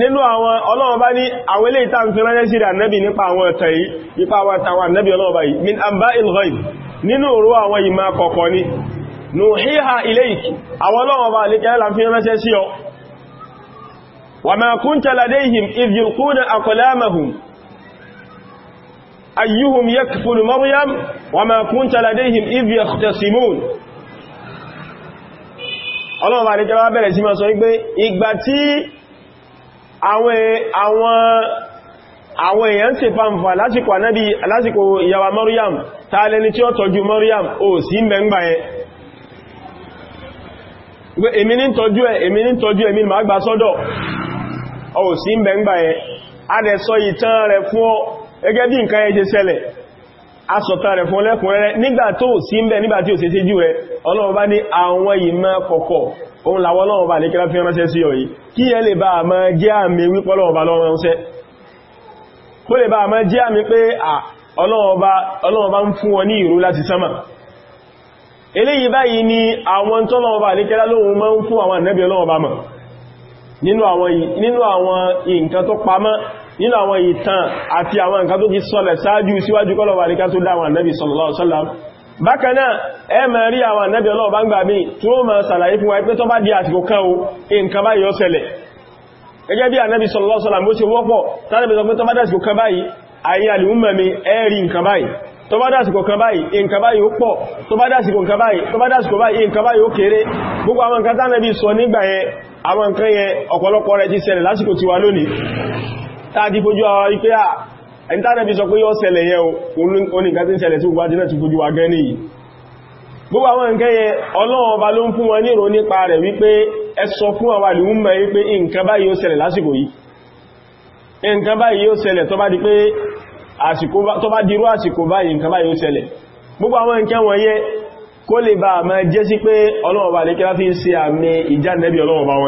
nínú àwọn ọlọ́wọ́ ní àwọn ilé ìta ń fi ránṣẹ́ sí ìrànẹ́bì nípa àwọn ọ̀tẹ̀ yìí nípa àwọn àtàwọn ànẹ́bì ọlọ́wọ́ báyìí min àmbá il nínú òru àwọn ìmá kọ̀kọ̀ ni nuhiha ilayki àwọn ọlọ́wọ́ bá lè bẹ̀rẹ̀ sí ma sọ wípé ìgbà tí àwọn èèyàn ṣe fanfà lásìkò ànábì lásìkò ìyàwó Maryam ta lẹni tí ó tọ́jú Maryam ó sì ń èmi ní tọ́jú èmi ní tọ́jú ma gbà sọ́dọ̀ si sì ń bẹ̀ngbà ẹ a dẹ̀ sọ ìtàn rẹ̀ fún ọ gẹ́gẹ́ bí nǹkan asọ̀ta rẹ̀ fún ọlẹ́kùnrẹ́rẹ́ nígbà tó sí ń bẹ nígbà tí ò sí síjú rẹ̀ ọlọ́run bá ní àwọn ìmọ̀ kọ̀kọ̀ òun làwọn ọlọ́run bá lè kíra fi ránṣẹ́ sí ọ̀yí kí ẹ lè bá àmọ́ jẹ́ àmì wípọ́ ọlọ́run bá lọ́rọ̀ ránṣẹ́ kó lè bá àmọ́ jẹ́ àmì pé ọlọ́run bá ń fún wọn ní ìró láti sánmà eléyìí báyìí ni àwọn tọ́lọ́run bá lè kíra lóhun máa ń fún àwọn ànẹ́bí ọlọ́run bá mọ̀ nínú àwọn nǹkan tó pamọ́ nínú àwọn ìtàn àti àwọn nǹkan tó ti sọlẹ̀ sáájú síwájú kọlọ̀wà ní ká tó dáwọn ànábì sallallahu alaihi wasallam bákanáà ẹ máa rí àwọn ànábì ọlọ́ọ̀bá ń gbà mí tí ó máa sàlàyé fún wa pé tó bá di àsìkò kan o nǹkan báyìí ó ṣẹlẹ̀ gẹ́gẹ́ bí ànábì sallallahu alaihi wasallam bó ṣe wọ́pọ̀ tánàbì sọ pé tó bá tàbí fojú àwọn ipé à ẹ̀ntánẹ́bí sọ pé yóò ṣẹlẹ̀ yẹ oníkan tí ń ṣẹlẹ̀ tí ó gbájúná ti fojú wa gẹ́ ní yìí gbogbo àwọn nǹkan yẹ Ọlọ́run ọba ló ń fún wọn ní ìrò nípa rẹ̀ wípé ẹ sọ fún àwọn àlùmọ̀ wípé nǹkan báyìí yóò ṣẹlẹ̀ lásìkò yìí nǹkan báyìí yóò ṣẹlẹ̀ tó bá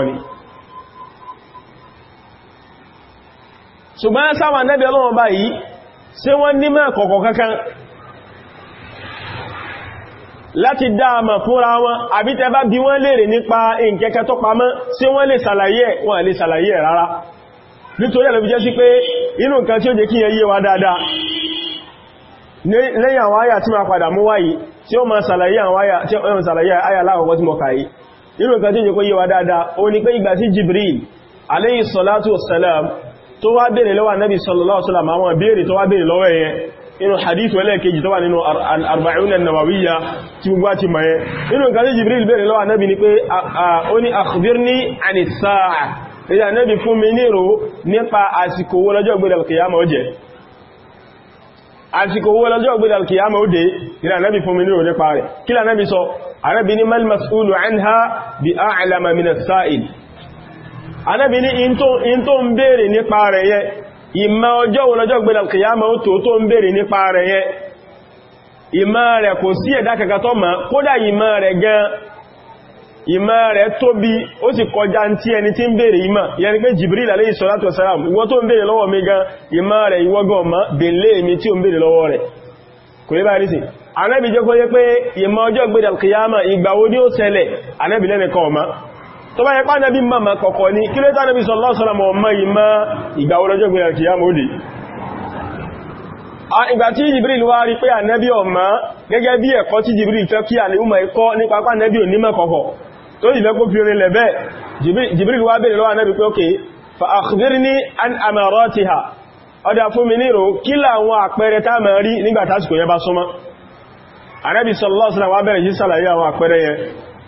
di ṣùgbọ́n sáwọn anẹ́bẹ̀ ọlọ́wọ́ báyìí ṣé wọ́n ní mẹ́ kọ̀kọ̀ kankan láti dáàmà fúnra wọn àbí tẹ́ bá bí wọ́n lèrè nípa ìǹkẹ́kẹ́ tó pamọ́ ṣé wọ́n lè ṣàlàyé wọ́n lè ṣàlàyé rárá nítorí ẹ̀lọ́bí jẹ́ sí pé inú nǹkan tí ó jẹ́ kí yẹ yíwa dáadáa lẹ́yìn àwọn àyà tí ma padà mú wáyìí tí ó ma ṣàlàyé àwọn àyà láàkọ̀ọ́kọ́ tí mọ̀ kàí inú nǹkan tí ó jẹ́ Jibril alayhi salatu wassalam tó wá bèèrè lọ́wọ́ anábi sallallahu alaihi wasallam àwọn bèèrè tó wá bèèrè lọ́wọ́ ẹ̀yẹn inú hadith ẹlẹ́ẹ̀kejì tó wà nínú arba'una nawawiyya tí gbogbo ti mọ̀ yẹn inú nǹkan tí jibril bèèrè lọ́wọ́ anábi ni pé ó ní akhbirni anis sa'a ìdá anábi fún mi nírò nípa àsìkò owó lọ́jọ́ gbé dalkiyama ó jẹ́ àsìkò owó lọ́jọ́ gbé dalkiyama ó dé Ànábì ní in tó ń bèèrè nípa rẹ̀ yẹ ìmọ̀ ọjọ́ olọ́jọ́ gbẹ̀lẹ̀ kìyàmọ̀ ó tó ń bèèrè nípa rẹ̀ yẹ ìmọ̀ rẹ̀ kò sí ẹ̀dá kankan tó mọ̀ kódà ìmọ̀ rẹ̀ gan ìmọ̀ rẹ̀ tóbi ó sì kọjá tí ẹni tí ń bèèrè ìmọ̀ yẹni pé Jibril alayhi salatu wasalam ìwọ tó ń bèèrè lọ́wọ́ mi gan ìmọ̀ rẹ̀ ìwọ gan ọmọ bèèlé mi tí ó ń bèèrè lọ́wọ́ rẹ̀ kò lè báyìí sí Ànábì jẹ́ kó yẹ pé ìmọ̀ ọjọ́ gbẹ̀dẹ̀ kìyàmọ̀ ìgbà wo ó ṣẹlẹ̀ Ànábì lẹ́nìkan ọmọ tó bá yẹpá nẹ́bí mọ́mà kọ̀kọ̀ ní kí lẹ́ta nẹ́bí sọ́lọ́sọ́lọ́mọ̀ ọmọ ìmá ìgbà olójọ́ gbìyàn kìí àmú òdì ìgbà tí Jibril wá rí pé ànẹ́bí ọmọ gẹ́gẹ́ bí ẹ̀kọ́ tí Jibril fẹ́ kí àlèúmọ̀ ikọ́ nípa pá nẹ́bí ò nímọ̀ kọ̀kọ̀ tó ìfẹ́ kó fi rin lẹ̀bẹ́ Jibril wá bèèrè lọ́wọ́ ànẹ́bí pé ókè fa akhbirni an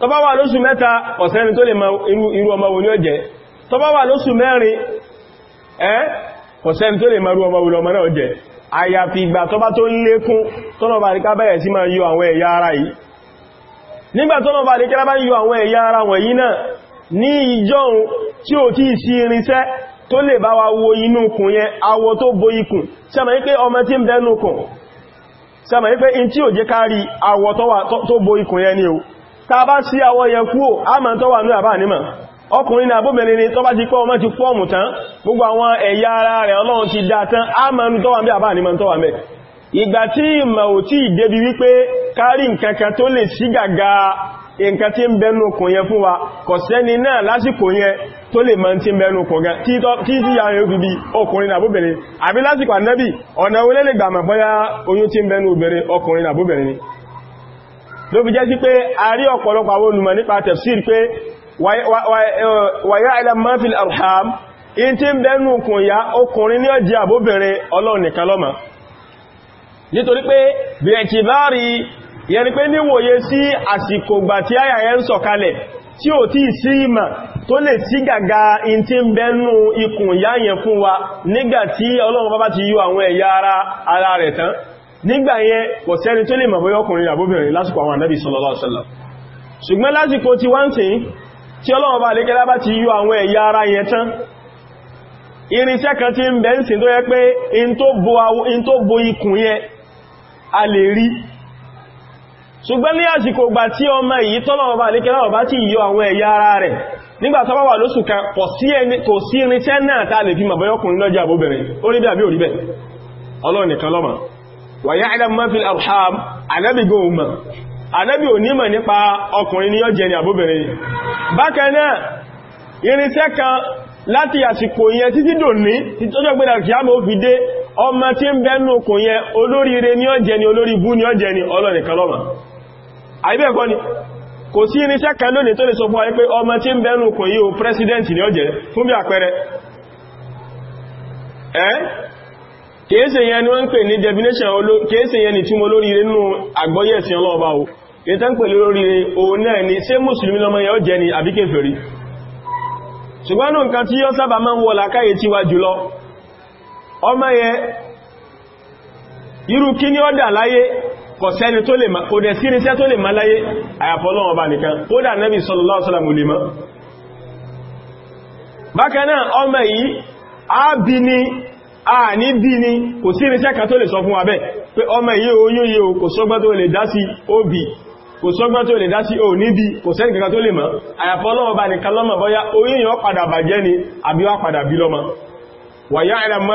tó bá wà lóṣù mẹ́ta ọ̀sẹ́ni tó lè mọ irú ọmọ wo ni ó jẹ́ tó bá wà lóṣù mẹ́rin ẹ́ ọ̀sẹ́ni tó lè mọ irú ọmọ wo lọmọ náà jẹ́ àyàfi ìgbà tó bá tó ń lékún tọ́nà bá ríká bẹ̀rẹ̀ sí máa yọ àwọn ẹ̀yà ara yìí nígbà tọ́nà bá ríká bá ń yọ àwọn ẹ̀yà ní wa wo inú pé in tí ò jẹ́ kárí awọ tó bo ikùn yẹn ni o ta bá sí àwọ yẹn kúò a ma tọ́ wà ní àbá nímọ̀ ọkùnrin náà bóbìnrin ni tọ́ bá ti pọ́ ọmọ ti fọ́ọ̀mù tán gbogbo àwọn ẹ̀yà ara rẹ̀ ọlọ́run ti dá tán a ma ń tọ́wà bí àbá nímọ̀ tọ́wà mẹ́ ìgbà tí ìmọ̀ ò tí ìdébi wípé kárí nǹkan kan tó lè sí gàgà nǹkan tí ń bẹnu kùn yẹn fún wa kò sẹ́ni náà lásìkò yẹn tó lè mọ́ tí ń bẹnu kùn gan kí tí ya rẹ̀ fi bí ọkùnrin àbúbẹ̀rẹ̀ àbí lásìkò ànẹ́bì ọ̀nà olẹ́lẹ́gbàmọ̀ bọ́yá oyún tí ń bẹnu obìnrin ọkùnrin àbúbẹ̀rẹ̀ ni ló fi jẹ́ sí pé a rí ọ̀pọ̀lọpọ̀ àwọn olùmọ̀ nípa tafsir pé Waya ilẹ̀ mafil in ti ń bẹ́nu okùn ya okùnrin ní ọjí pé bìrẹ̀kì pé níwòye tó lè sí in ti ń ikùn fún wa nígbàtí Ọlọ́run bá ti àwọn ẹ̀yà ara rẹ̀ nígbà kò sẹ́ni tó lè mọ̀bọ̀ ọkùnrin àbóbìnrin lásìkò àwọn ànábì sallallahu ṣùgbọ́n lásìkò ti wá ń tí tí ọlọ́wọ́ bá lékẹ́lá bá ti yọ àwọn ẹ̀yà ara yẹn tán irinṣẹ́ kan tí ń nsin ń sìn tó yẹ pé in tó bo ikùn a lè rí ṣùgbọ́n ní àsìkò gbà tí ọmọ èyí tọ́lọ́wọ́ bá lékẹ́lá ti yọ àwọn ẹ̀yà ara rẹ̀ nígbà bá kan kò sí irinṣẹ́ náà lè fi mọ̀bọ̀yọ́kùnrin lọ́jà bí àbí wà ya ma fil arham anábì gan ò mọ̀ anábì ò nípa ọkùnrin ni yóò jẹ ní àbóbìnrin bákan náà irinṣẹ́ kan láti àsìkò yẹn títí dòní títí tó jọ́gbẹ́dà kí á mọ́ fi dé ọmọ tí ń bẹ́nu kò yẹn olóríire ní ọjẹ́ ni olórí ní ọjẹ́ ni ọlọ́nìkan kan kèése yẹn ni wọ́n ń pè ní definition kèése yẹn ni tí mo lóríire nínú àgbọ́yẹ̀ sí ọlọ́ọ̀bá o ìtàn pè lóríire òun náà ni ṣé mùsùlùmí lọmọ yẹn ó jẹ́ ni àbí kèfèrí ṣùgbọ́n nǹkan tí yọ́ sábà máa ń wọ làkáyè tí wá jùlọ ọmọ yẹn irú kí ní ọ́dà láyé kò sẹ́ni tó lè kò dẹ̀ sí irinṣẹ́ tó lè má láyé àyàfọ́lọ́wọ́ a ah, ní bí ní kò sí irinṣẹ́ kan tó lè sọ fún wa bẹ́ẹ̀ pé ọmọ o kò sọ́gbọ́n tó lè dá sí kò sọ́gbọ́n tó lè dá sí níbi kò sẹ́ni kankan tó lè àyàfọ́ lọ́wọ́ bá nìkan bọ́yá bàjẹ́ àbí wá padà bí wa ya'lamu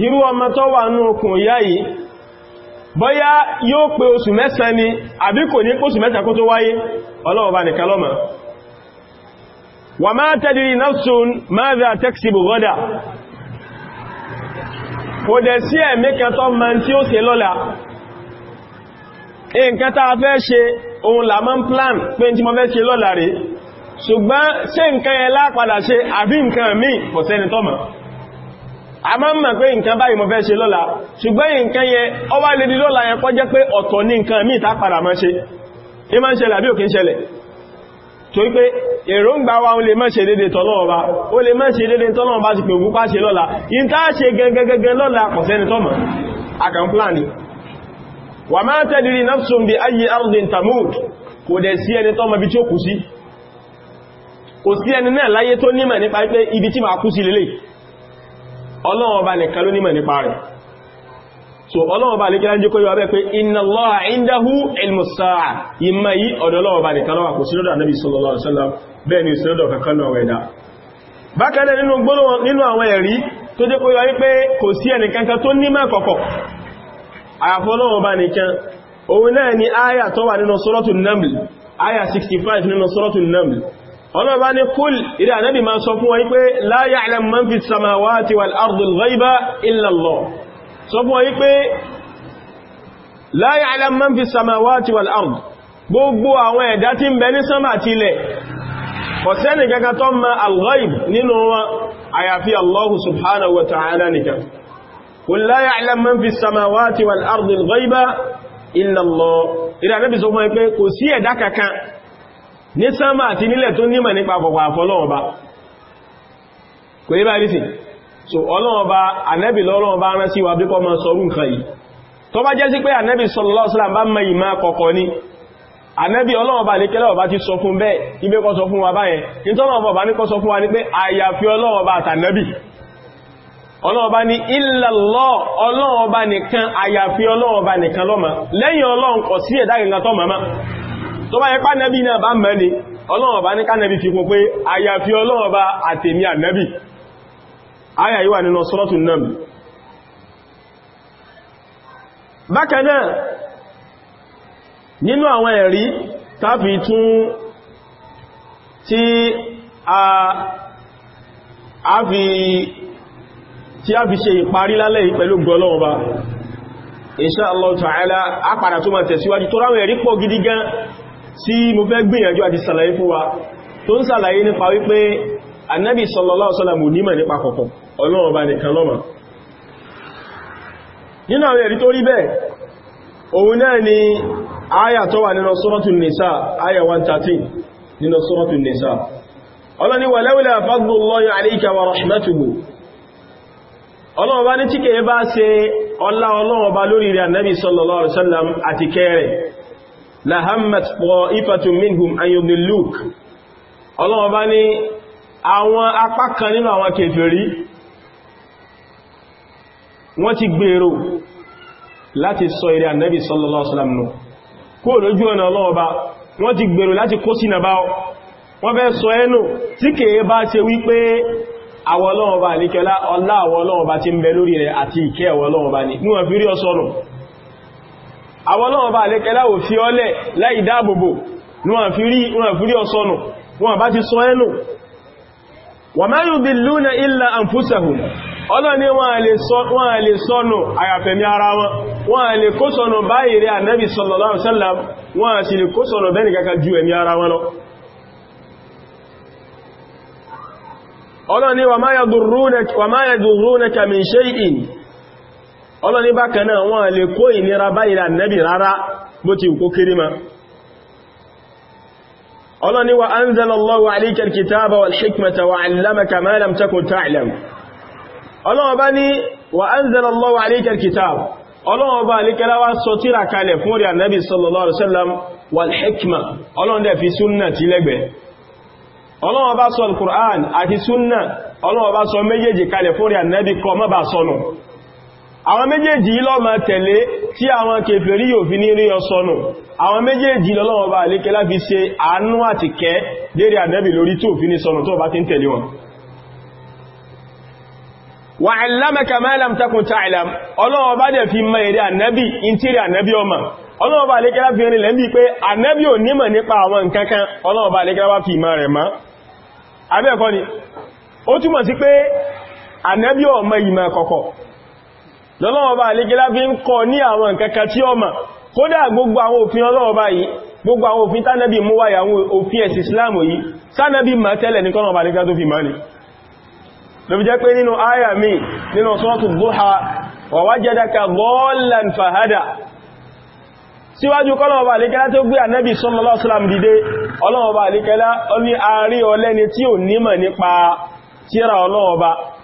ọlọ́wọ́ wa ọlọ́wọ́ bọ́yá yóò pé oṣù mẹ́sàn ni àbí kò ní pé oṣù mẹ́sàn kó tó wáyé ọlọ́ọ̀bá nìkan lọ́mọ̀ wà máa tadri nafsun madha taksibu ghadan kò dẹ̀ sí ẹ̀mí kan tó mọ̀ tí ó ṣe lọ́la nǹkan tá fẹ́ ṣe ohun là ń plan pé tí mo fẹ́ ṣe lọ́la rẹ̀ ṣùgbọ́n ṣe nǹkan yẹn lápadà ṣe àbí nǹkan míì kò tọ́mọ̀ a ma ń mọ̀ pé nǹkan báyìí mo fẹ́ ṣe lọ́la ṣùgbọ́n nǹkan yẹn ó wá lè di lọ́la yẹn kọ́ jẹ́ pé ọ̀tọ̀ ní nǹkan míì tá padà máa ṣe é máa ń ṣẹlẹ̀ àbí òkè ń ṣẹlẹ̀ torí pé èròǹgbà wa lè má ṣe dédé tọ́lọ́ọ̀bá ó lè ṣe dédé tọ́lọ́ọ̀bá ti pè ṣe lọ́la tá ṣe gẹngẹngẹn lọ́la tọ́mọ̀ wà máa bí kò dẹ̀ sí ẹni tọ́mọ̀ bí tí ó kù sí kò sí ẹni náà láyé tó nípa ibi tí ma kú sí ọlọ́run ọba nìkan ló nímọ̀ nípa rẹ̀ so ọlọ́run ọba nìkan jẹ́ kó yọ abẹ́ pé inna Allaha indahu ilmus sa'a ìmọ̀ yìí ọ̀dọ̀ ọlọ́run ọba nìkan ló wà kò sí lọ́dọ̀ Ànábì sallallahu alaihi wasallam bẹ́ẹ̀ ni sí lọ́dọ̀ kankan náà wẹ̀dá bákan náà nínú gbọ́nà nínú àwọn ẹ̀rí tó ọlọ́bá ní kúl ìrí ànábì máa sọ fún wọ́n pé la ya'lam man fi samawati wal ardil ghaiba illa Allah sọ fún wọ́n pé la ya'lam man fi samawati wal ard gbogbo àwọn ẹ̀dá tí ń bẹ ní sánmà àti ilẹ̀ kò sẹ́ni kankan tó mọ al-ghaib nínú wọn ní sánmà àti nílẹ̀ tó nímọ̀ nípa pọ̀pọ̀ àfọlọ́ọ̀ba kò yí bá rí sí so ọlọ́ọ̀ba ànẹ́bì lọ́lọ́ọ̀ba rán sí wa bí kọ́ máa sọrú nǹkan yìí tó bá jẹ́ sí pé ànẹ́bì sallallahu alaihi wasallam bá mọ ni ànẹ́bì ọlọ́ọ̀ba ní kẹ́lẹ̀ ọba ti sọ fún bẹ́ẹ̀ ibé kọ́ sọ fún wa báyẹn nítọ́lọ́ọ̀ba ọba ní kọ́ sọ tó bá yẹpá nẹ́bí náà bá mẹ́ ni ọlọ́run ọba ní kánẹ́bí fi kún pé àyàfi ọlọ́run ọba àtèmi ànẹ́bí ayà yíwà nínú sọ́rọ̀tún náà bákanáà nínú àwọn ẹ̀rí tàbí tún tí a fi tí a fi ṣe ìparí lálẹ́ pẹ̀lú gọlọ́run ọba Insha Allah Ta'ala a padà tó ma tẹ̀síwájú tó ráwẹ̀ ẹ̀rí pọ̀ gidi gan tí mo fẹ́ gbìyànjú àti sàlàyé fún wa tó ń sàlàyé nípa wípé annabi sallallahu alaihi wasallam nímọ̀ nípa kọ̀kọ̀ ọlọ́run ọba nìkan lọ́mọ̀ nínú àwọn ẹ̀rí tó rí bẹ́ẹ̀ òun náà ni aya tó wà nínú suratul nisa aya 113 nínú suratul nisa ọlọ́ni wà lawla fadlullahi alayka wa rahmatuhu ọlọ́run ọba ní tí kèé bá ṣe lahammat ta'ifatu minhum an yudilluk ọlọ́wọ́ bá ní àwọn apá kan nínú àwọn kèfèrí wọ́n ti gbèrò láti sọ ìrẹ́ ànẹ́bì sallallahu alaihi nù kó lójú ọ̀nà ọlọ́wọ́ bá wọ́n ti gbèrò láti kó sínà bá wọ́n fẹ́ sọ ẹnu tí kèé bá ṣe wípé àwọ̀lọ́wọ́ bá ti ati àwọn ọlọ́run bá alẹ́kẹ́lá ò fi ọlẹ̀ láì dáàbòbò níwọ̀n fi rí ọsọ́nù wọn bá ti sọ ẹnu wa ma yudilluna illa anfusahum ọlọ́ni wọn a lè sọ́nù àyàfẹ̀mí ara wọn wọn a lè kó sọ́nù báyìí sallallahu alaihi wasallam wọn a sì lè kó sọ́nù bẹ́ẹ̀ nìkaka ju ẹ̀mí ara wọn lọ ọlọ́ni wa ma yadurrunaka min shay'in ọlọ́ni bákan náà wọ́n lè kó ìnira báyìí ànábì rárá bó ti kó kiri ma ọlọ́ni wa anzalallahu alayka alkitaba wal hikmata wa 'allamaka ma lam takun ta'lam ọlọ́wọ́ bá ní wa anzalallahu alayka alkitaba ọlọ́wọ́ bá alékẹ́lá wá sọ tíra kalẹ̀ fún rí ànábì sallallahu alaihi wasallam wal hikma ọlọ́wọ́ dẹ̀ fi àwọn méjèèjì ló máa tẹ̀lé tí àwọn kèfèrí yóò fi ní rí ọsọ́nù àwọn méjèèjì lọ́lọ́wọ́ bá lékẹ́ láti ṣe àánú àti kẹ́ lérí ànẹ́bì lórí tó fi ní sọ́nù tó bá ti ń tẹ̀lé wọn wà ẹ̀lámẹ́ka mẹ́lẹ́m takun ta'lam ọlọ́wọ́ bá dẹ̀ fi mọ́ èrè ànẹ́bì intírí ànẹ́bì ọmọ ọlọ́wọ́ bá lékẹ́ láti rìn lẹ́bí pé ànẹ́bì ò nímọ̀ nípa àwọn nǹkankan ọlọ́wọ́ bá lékẹ́ láti fi mọ́ rẹ̀ mọ́ abẹ́ẹ̀kọ́ ni ó túmọ̀ sí pé ànẹ́bì ọmọ ìmọ̀ kọ̀kọ̀ lọ́lọ́wọ́ba àlégẹ́lá fi ń kọ ní àwọn nǹkankan tí ó mọ̀ kódà gbogbo àwọn òfin ọlọ́wọ́ba yìí gbogbo àwọn òfin tánàbí mú wáyà àwọn òfin ẹ̀sì islam yìí tánàbí ma tẹ́lẹ̀ ní kọ́nà ọba lẹ́gbẹ́ tó fi máa ní ló fi jẹ́ pé nínú àyà mi nínú sọ́tù Duha wa wajadaka dhallan fahada síwájú kọ́nà ọba àlékẹ́lá tó gbé ànábì sallallahu alaihi wasallam dìde ọlọ́wọ́ba àlékẹ́lá ó ní àárí ọlẹ́ni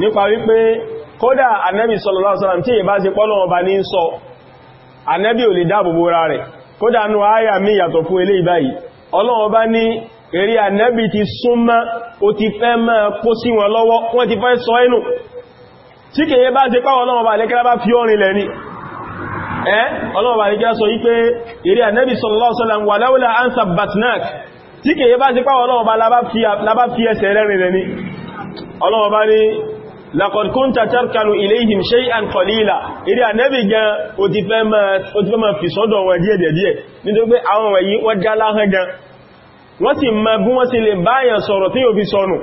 nípa wípé kódà anẹ́bì sallallahu alaihi wasallam tí ìbá ti pọ́lọ̀ ọba ní sọ anẹ́bì ò lè dáàbòbò ra rẹ̀ kódà nù áyà mí yàtọ̀ fún ilé ìbáyìí ọlọ́run ọba ní eré anẹ́bì ti súnmọ́ ó ti fẹ́ mọ́ kó sí wọn lọ́wọ́ wọ́n ti fẹ́ sọ ẹnu tí kèye bá ti pàwọn ọlọ́run ọba alẹ́kẹ́lá bá fi ọrin lẹ́ni ẹ́ ọlọ́run ni alẹ́kẹ́lá sọ laqad kunta tarkanu ilayhim shay'an qalila ìrí ànẹ́bì gan o ti fẹ́ máa fi sọ́dọ̀ wọn díẹ̀ díẹ̀ nítorí pé àwọn wọ̀nyí wọ́n já láhán gan wọ́n sì ma bí wọ́n sì lè báyàn sọ̀rọ̀ tí yóò fi sọnù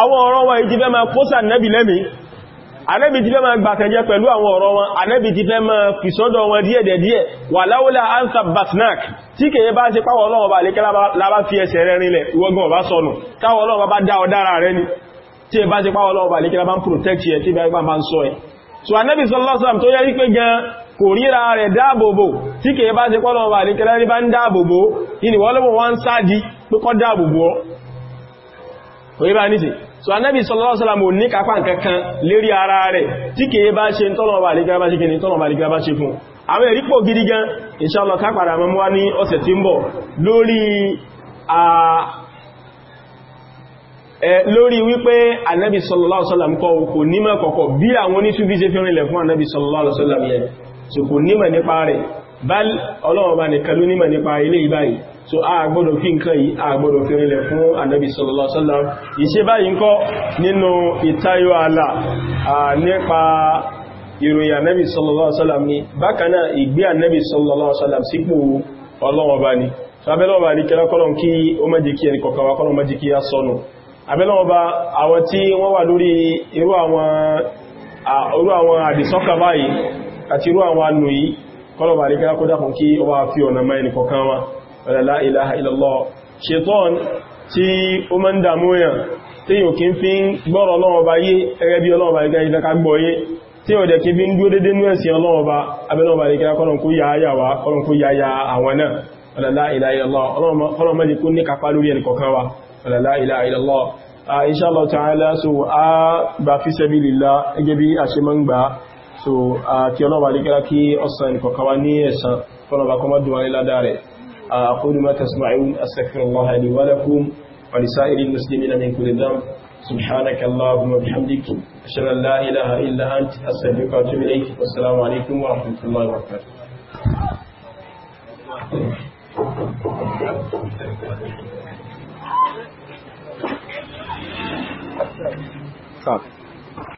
àwọn ọ̀rọ̀ wọn ti fẹ́ máa kóṣà nẹ́bì lẹ́mí ànẹ́bì ti fẹ́ máa gbàtẹ̀jẹ́ pẹ̀lú àwọn ọ̀rọ̀ wọn ànẹ́bì ti tí ẹ bá ti páwọ́ lọ́wọ́ bà lè ń protect ẹ tí bá ń sọ ẹ so anẹ́bì sọlọ́sàm tó yẹ wípé gan kò ríra rẹ̀ dáàbòbò tí kèé bá ti pọ́lọ̀ bà lè kíra rí bá ń dáàbòbò ìní wọ́lọ́wọ́ wọ́n ń sáàdì pé dáàbòbò ọ́ so anẹ́bì sọlọ́sàm ò ní kápá kankan lérí ara rẹ̀ tí kèé bá ṣe tọ́lọ̀ bà lè kíra bá ṣe kìnnì tọ́lọ̀ bà lè kíra bá ṣe fún àwọn ẹ̀rí pọ̀ gidi gan lórí wípé ànábì sallallahu alaihi wasallam kọ kò nímọ̀ kọ̀kọ̀ bí àwọn oníṣúbí ṣe fi rìnlẹ̀ fún ànábì sallallahu alaihi wasallam yẹn so kò nímọ̀ nípa rẹ̀ bá ọlọ́ọ̀bá nìkan ló nímọ̀ nípa ilé ìbáyìí so a gbọ́dọ̀ fi a gbọ́dọ̀ fi rìnlẹ̀ fún ànábì sallallahu alaihi wasallam ìṣe báyìí ńkọ́ nínú ìtayọ àlà nípa ìròyìn ànábì sallallahu alaihi wasallam ni bákan náà ìgbé ànábì sallallahu alaihi wasallam sípò ọlọ́ọ̀bá ni sábẹ́lọ́ọ̀bá ní kẹ́lá kọ́lọ̀ kí o má jẹ́ kí ẹnì kọ̀ọ̀kan wa kọ́lọ̀ kí a sọnù abẹ́lọ́wọ́ba àwọn tí wọ́n wà lórí irú àwọn àdìsọ́kà báyìí àti irú àwọn anù yìí kọlọ̀bà rí kí lákọ́dá fún kí ó wá fi ọ̀nà mẹ́rin kọ̀kan wá la ilaha illallah ṣetán tí ó mọ́ ń dàmú èèyàn tí yóò kí ń fi ń gbọ́rọ̀ ọlọ́wọ́ba yé ẹgẹ́ bí ọlọ́wọ́ba rí gáyé lẹ́ka gbọ́ yé tí ó dẹ̀ kí bí ń dúó dédé ní ẹ̀sìn ọlọ́wọ́ba abẹ́lọ́wọ́ba rí kí lákọ́rùn kó yá yà wá wala la ilaha illallah insha Allah ta'ala so a gba fi sabilillah gẹ́gẹ́ bí a ṣe máa ń gbà so kí ọlọ́wà lè kíra kí ọ̀sán ìkọ̀kọ́wà ní ẹ̀sán tọ́lọ̀bà kọmọ́ dùn wáyé ládá rẹ̀ أقول ما تسمعون أستغفر الله لي ولكم ولسائر المسلمين من كل ذنب سبحانك اللهم وبحمدك أشهد أن لا إله إلا أنت أستغفرك وأتوب إليك والسلام عليكم ورحمة الله وبركاته up